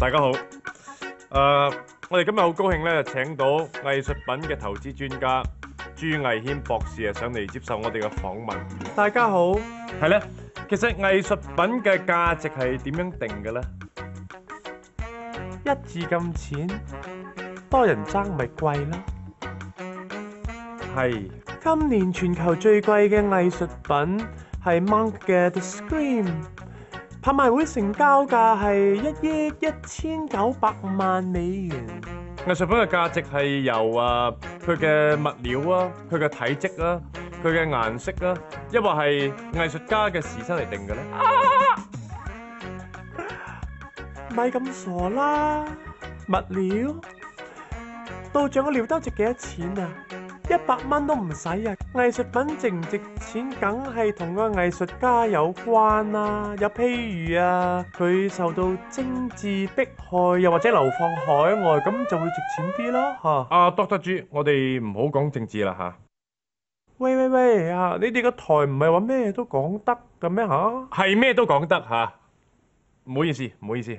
大家好，誒，我哋今日好高興咧，請到藝術品嘅投資專家朱毅軒博士啊，上嚟接受我哋嘅訪問。大家好，係咧，其實藝術品嘅價值係點樣定嘅咧？一字咁淺，多人爭咪貴啦。係，今年全球最貴嘅藝術品係 Monk 嘅《The Scream》。拍賣會成交價係一億一千九百萬美元。藝術品嘅價值係由啊佢嘅物料啊、佢嘅體積啊、佢嘅顏色啊，抑或係藝術家嘅時薪嚟定嘅咧。咪咁傻啦！物料道長嘅料都值幾多錢啊？一百蚊都唔使啊！藝術品值唔值錢，梗係同個藝術家有關啦、啊。有譬如啊，佢受到政治迫害，又或者流放海外，咁就會值錢啲囉。吓，啊、uh,，Doctor G，我哋唔好講政治啦。吓、啊，喂喂喂，啊，你哋個台唔係話咩都講得㗎咩吓？係咩都講得吓，唔好意思，唔好意思。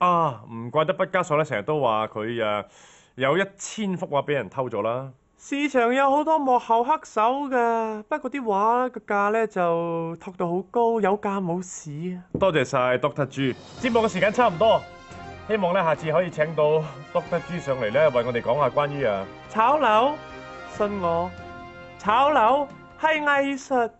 啊，唔怪得畢加索咧，成日都話佢啊有一千幅畫俾人偷咗啦。市場有好多幕後黑手噶，不過啲畫個價咧就托到好高，有價冇市啊。多謝晒 Doctor G，節目嘅時間差唔多，希望咧下次可以請到 Doctor G 上嚟咧為我哋講下關於啊炒樓，信我，炒樓係藝術。